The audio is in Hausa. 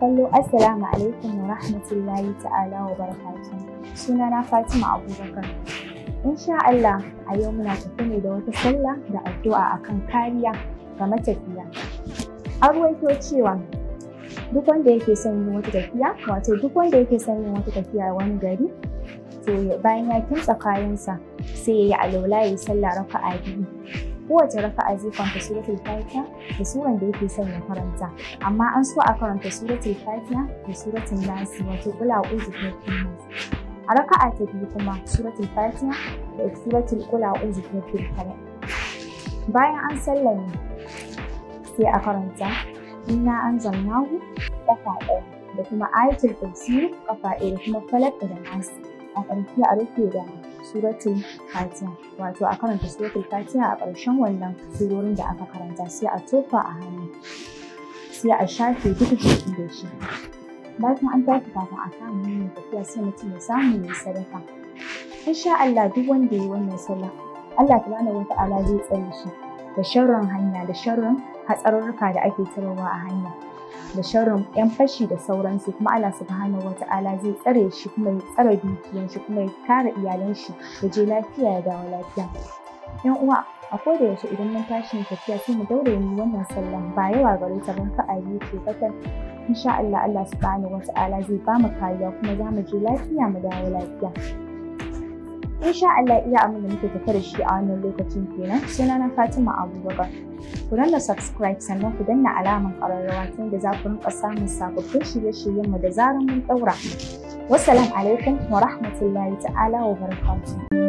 kallo assalamu alaikum wa rahmatullahi ta'ala wa barakatu suna na fatima abubakar insha Allah a yau muna tafi ne da wata sallah da addu'a akan kariya ga matafiya an ruwaito cewa duk wanda yake son yin wata tafiya wato duk wanda yake son yin wata tafiya wani gari to bayan ya kintsa kayansa sai ya yi alwala ya yi sallah raka'a biyu kowace raka'a zai kwanta suratul fatiha da suran da yake son ya karanta amma an so a karanta suratul fatiha da suratul nasi wato kula uzu ko kuma a raka'a ta biyu kuma suratul fatiha da suratul kula uzu ko kuma bayan an ne sai a karanta inna anzalnahu kafa da kuma ayatul kursi kafa da kuma falak da nasi a ƙarshe a rufe da suratul fatiha wato a karanta suratul fatiha a ƙarshen wannan surorin da aka karanta sai a tofa a hannu sai a shafe duka shi da shi bayan an tafi kafin a kama hanyar tafiya sai mutum ya samu mai sadaka sha Allah duk wanda ya yi wannan sallah Allah lana wata ala zai tsare shi da sharrin hanya da sharrin hatsarurruka da ake tarowa a hanya da sharrin yan fashi da sauransu kuma Allah subhanahu wata'ala zai tsare shi kuma ya tsare dukiyan shi kuma ya kare iyalan shi ya je lafiya ya dawo lafiya yan uwa a koda yaushe idan mun tashi tafiya sai mu daure mu wannan sallan ba yawa gare ta ban ka'a yi ce fatan insha Allah Allah subhanahu wata'ala zai ba mu kariya kuma za mu je lafiya mu dawo lafiya sha Allah iya abin da muke tafi da shi a wannan lokacin kenan sunana Fatima Abubakar ku danna subscribe sannan ku danna alaman ƙararrawa ta za ku rinka samun sababbin shirye-shiryen mu da zarar mun daura wassalam alaikum wa rahmatullahi ta'ala wa barakatuh